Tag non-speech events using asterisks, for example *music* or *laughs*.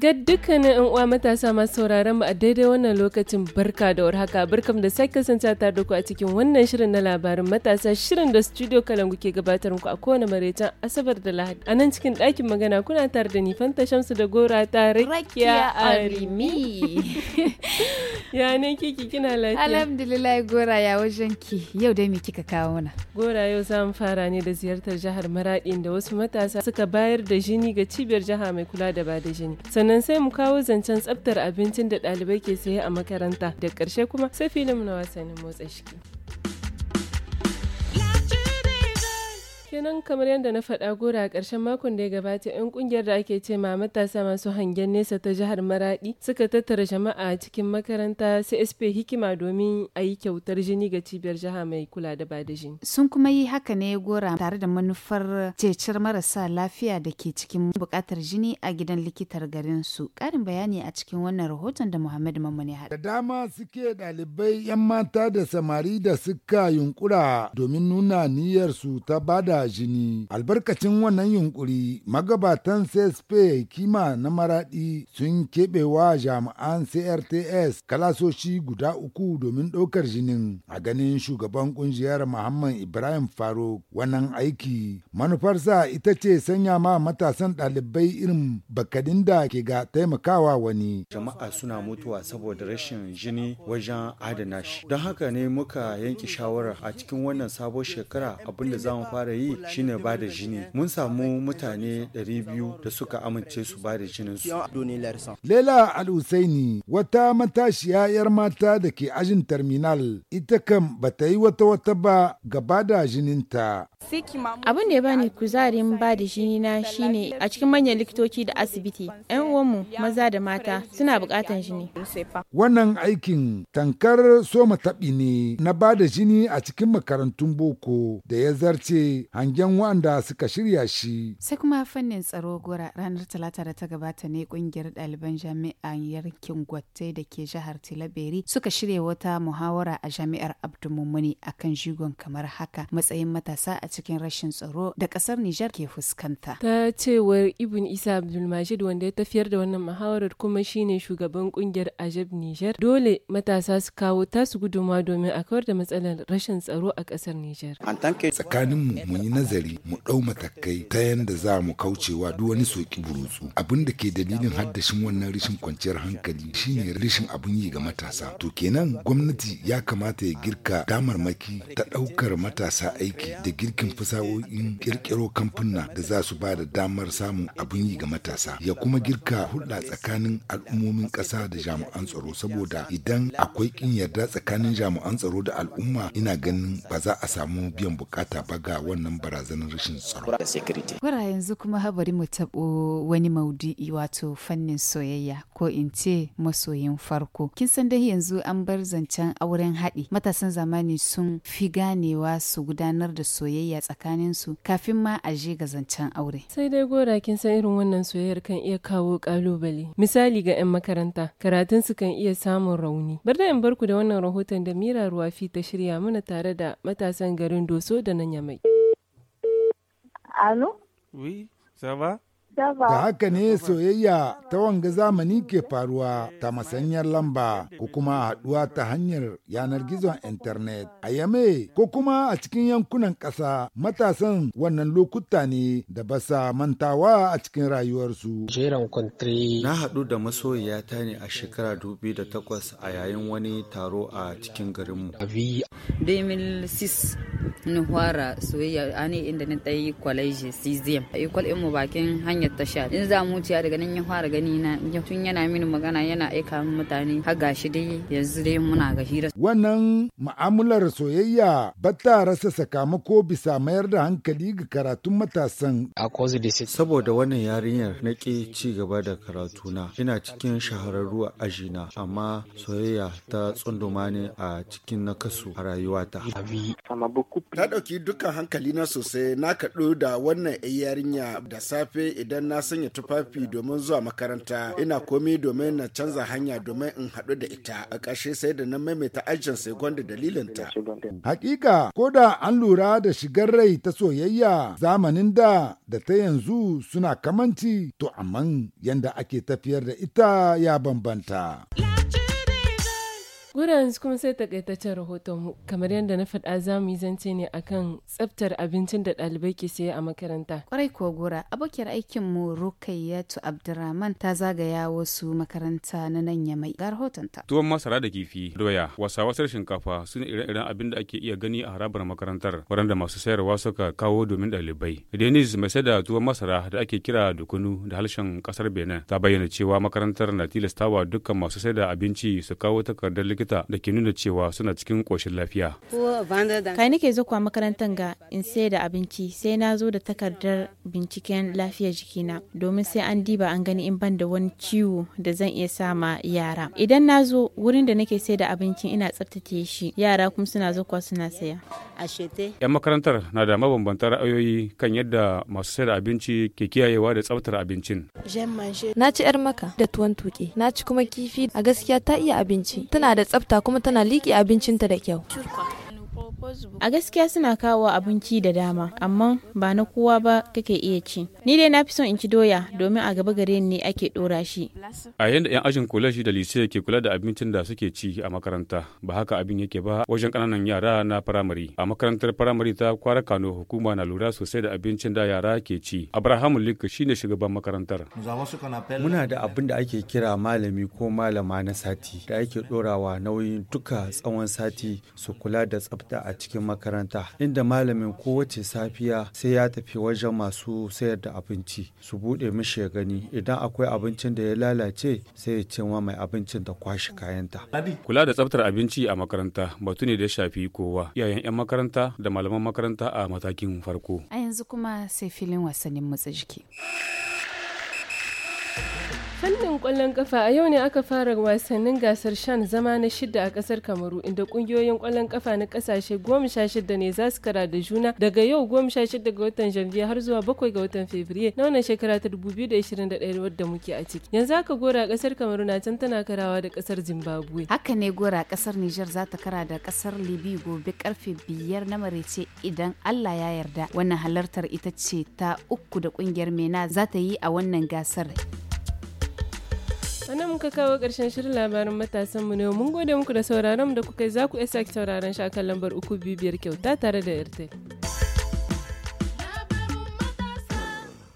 Ga dukkanin ‘yan uwa matasa masu sauraron mu a daidai wannan lokacin barka da warhaka barkam da sake kasance tare da ku a cikin wannan shirin na labarin matasa shirin da studio Kalangu ke gabatar muku a kowane maraicen Asabar da Lahadi. A nan cikin ɗakin magana kuna tare da ni Fanta Shamsu da Gora ta Rakiya Arimi. *laughs* ya ne kiki kina lafiya? Alhamdulillah Gora ya wajen ki yau dai me kika kawo mana? Gora yau za mu fara ne da ziyartar jihar Maraɗi da wasu matasa suka bayar da jini ga cibiyar jiha mai kula da ba da jini. sannan sai mu kawo zancen tsabtar abincin da ɗalibai ke saye a makaranta da ƙarshe kuma sai filin na wasannin motsa shiki. kenan kamar yadda na faɗa gora a ƙarshen makon da ya gabata 'yan ƙungiyar da ake ce ma matasa masu hangen nesa ta jihar maradi suka tattara jama'a cikin makaranta csp hikima domin a yi kyautar jini ga cibiyar jiha mai kula da bada jini sun kuma yi haka ne gora tare da manufar cecer marasa lafiya da ke cikin buƙatar jini a gidan likitar garin su ƙarin bayani a cikin wannan rahoton da muhammad mamman ya da dama suke ɗalibai 'yan mata da samari da suka yunkura domin nuna niyyar su ta bada jini albarkacin wannan yunkuri magabatan sespe kima na maradi sun wa jami'an crts kalasoshi guda uku domin ɗaukar jinin a ganin shugaban kungiyar muhammad ibrahim faruk wannan aiki manufarsa ita ce sanya ma matasan ɗalibai irin bakadin da ke ga taimakawa wani jama'a suna mutuwa saboda rashin jini wajen adana shi don haka ne muka yanke shawara a cikin wannan sabon shekara abin da za mu fara yi yi shine ba da jini mun samu mutane 200 da suka amince su ba da jininsu lela al-husaini wata matashiya yar mata da ke ajin terminal ita kan bata yi wata wata ba gaba da jininta abin da ya bani kuzarin ba da jini na shine a cikin manyan likitoci da asibiti 'yan uwanmu maza da mata suna bukatan jini. Wannan aikin tankar soma taɓi ne na ba da jini a cikin makarantun boko da ya zarce hangen wanda suka shirya shi. Sai kuma fannin tsaro gora ranar talata da ta gabata ne kungiyar ɗaliban jami'an yankin gwate da ke jihar Tilaberi suka shirya wata muhawara a jami'ar Abdulmumuni akan jigon kamar haka matsayin matasa a cikin rashin tsaro da ƙasar Nijar ke fuskanta. Ta cewar Ibn Isa Abdulmajid wanda ya tafi tafiyar da wannan muhawarar kuma shine shugaban ƙungiyar Ajab Niger. Dole matasa su kawo tasu gudunmawa domin a kawar da matsalar rashin tsaro a ƙasar Niger. Tsakanin mu mu yi nazari mu ɗau matakai ta yanda za mu kaucewa duk wani soki burutsu. Abin da ke dalilin haddashin wannan rashin kwanciyar hankali shine rashin abun yi ga matasa. To kenan gwamnati ya kamata ya girka damarmaki ta ɗaukar matasa aiki da girkin fasahohin kirkiro kamfuna da za su ba da damar samun abun yi ga matasa ya kuma girka ga hulɗa tsakanin al'ummomin ƙasa da jami'an tsaro saboda idan akwai ƙin yarda tsakanin jami'an tsaro da al'umma ina ganin ba za a samu biyan bukata ba ga wannan barazanar rashin tsaro. kura yanzu kuma habari mu taɓo wani maudu'i wato fannin soyayya ko in ce masoyin farko. Kin san dai yanzu an bar zancen auren haɗi matasan zamani sun fi ganewa su gudanar da soyayya tsakaninsu kafin ma a je ga zancen aure. Sai dai gora kin san irin wannan soyayyar kan iya kawo kalubale misali ga 'yan makaranta karatun su kan iya samun rauni bar da in barku da wannan rahoton da mira ruwafi ta shirya mana tare da matasan garin doso da nan yamai alo oui ça va Da haka ne soyayya ta wanga zamani ke faruwa ta masanyar lamba ko kuma haɗuwa ta hanyar yanar gizon intanet a yame ko kuma a cikin yankunan ƙasa matasan wannan lokuta ne da ba sa mantawa a cikin rayuwarsu. Na haɗu da masoyiyata ne a shekara da takwas a yayin wani taro a cikin garinmu. 2006 soyayya ne inda na ɗayi kwaleji a Ikwal mu bakin hanya. hanyar tasha in za mu wuce daga nan ya fara gani na tun yana mini magana yana aika min mutane har gashi dai yanzu dai muna ga hira wannan mu'amular soyayya ba ta rasa sakamako bisa mayar da hankali ga karatun matasan saboda wannan yarinyar na ki ci gaba da karatuna ina cikin shahararru a ajina amma soyayya ta tsunduma ne a cikin nakasu a rayuwata ta ɗauki dukkan hankali na sosai na kaɗu da wannan yarinya da safe idan na sanya tufafi domin zuwa makaranta ina komai domin na canza hanya domin in haɗu da ita a ƙarshe sai da na maimaita ajin sai gwanda dalilinta. Hakika ko da an lura da shigar rai ta soyayya zamanin da da ta yanzu suna kamanci to amman yanda ake tafiyar da ita ya bambanta. Gura yanzu kuma sai takaitaccen rahoton kamar yadda na faɗa za mu yi zance ne akan tsaftar abincin da ɗalibai ke saye a makaranta. Kwarai ko gora abokiyar aikin mu Rukayyatu Abdurrahman ta zagaya wasu makaranta na nan Yamai ga rahoton ta. Tuwon masara da kifi, doya, wasa wasar shinkafa su ne ire-iren abin da ake iya gani a harabar makarantar da masu sayarwa suka kawo domin ɗalibai. Denis mai sai da tuwon masara da ake kira dukunu da harshen kasar Benin ta bayyana cewa makarantar na tilastawa dukkan masu sai da abinci su kawo takardar likita da ke nuna cewa suna cikin ƙoshin lafiya. Kai nake zuwa makarantar ga in sai da abinci sai na zo da takardar binciken lafiyar jikina domin sai an diba an gani in ban da wani ciwo da zan iya sama yara. Idan na zo wurin da nake sai da abincin ina tsaftace shi yara kuma suna zuwa suna saya. Yan makarantar na da mabambantan ra'ayoyi kan yadda masu sai da abinci ke kiyayewa da tsaftar abincin. Na ci 'yar maka da tuwon tuke, na ci kuma kifi a gaskiya ta iya abinci, tana da tsafta kuma tana liƙe abincinta da kyau A gaskiya suna kawo abinci da dama, amma ba na kowa ba kake iya ci. Ni dai na fi son in ci doya domin a gaba gare ni ne ake dora shi. A yadda 'yan ajin shi da lise ke kula da abincin da suke ci a makaranta, ba haka abin yake ba wajen kananan yara na firamare. A makarantar firamare ta kwara Kano hukuma na lura sosai da abincin da yara ke ci. Abrahamu Lik shine shugaban makarantar. Muna da abin da ake kira malami ko malama na sati da ake dorawa nauyin duka tsawon sati su kula da tsafta a cikin makaranta inda malamin kowace safiya sai ya tafi wajen masu sayar da abinci su buɗe mishi ya gani idan akwai abincin da ya lalace sai ya cinwa mai abincin da kwashe kayanta. Kula da tsaftar abinci a makaranta batu ne da ya shafi kowa iyayen 'yan makaranta da malaman makaranta a matakin farko. A yanzu kuma sai filin wasannin motsa jiki. fannin kwallon kafa a yau ne aka fara wasannin gasar shan zama na shida a kasar kamaru inda kungiyoyin kwallon kafa na kasashe goma sha shida ne za su kara da juna daga yau goma sha shida ga watan janvier har zuwa bakwai ga watan fevrier na wannan shekara ta dubu biyu da ashirin da ɗaya wadda muke a ciki yanzu aka gora kasar kamaru na can tana karawa da kasar zimbabwe haka ne gora kasar niger za ta kara da kasar libi gobe karfe biyar na marece idan allah ya yarda wannan halartar ita ce ta uku da kungiyar mena za ta yi a wannan gasar Wannan muka kawo ƙarshen shirin labarin matasan mu ne mun gode muku da sauraron da kuka yi za ku iya sake sauraron shi lambar uku biyu biyar kyauta tare da Airtel.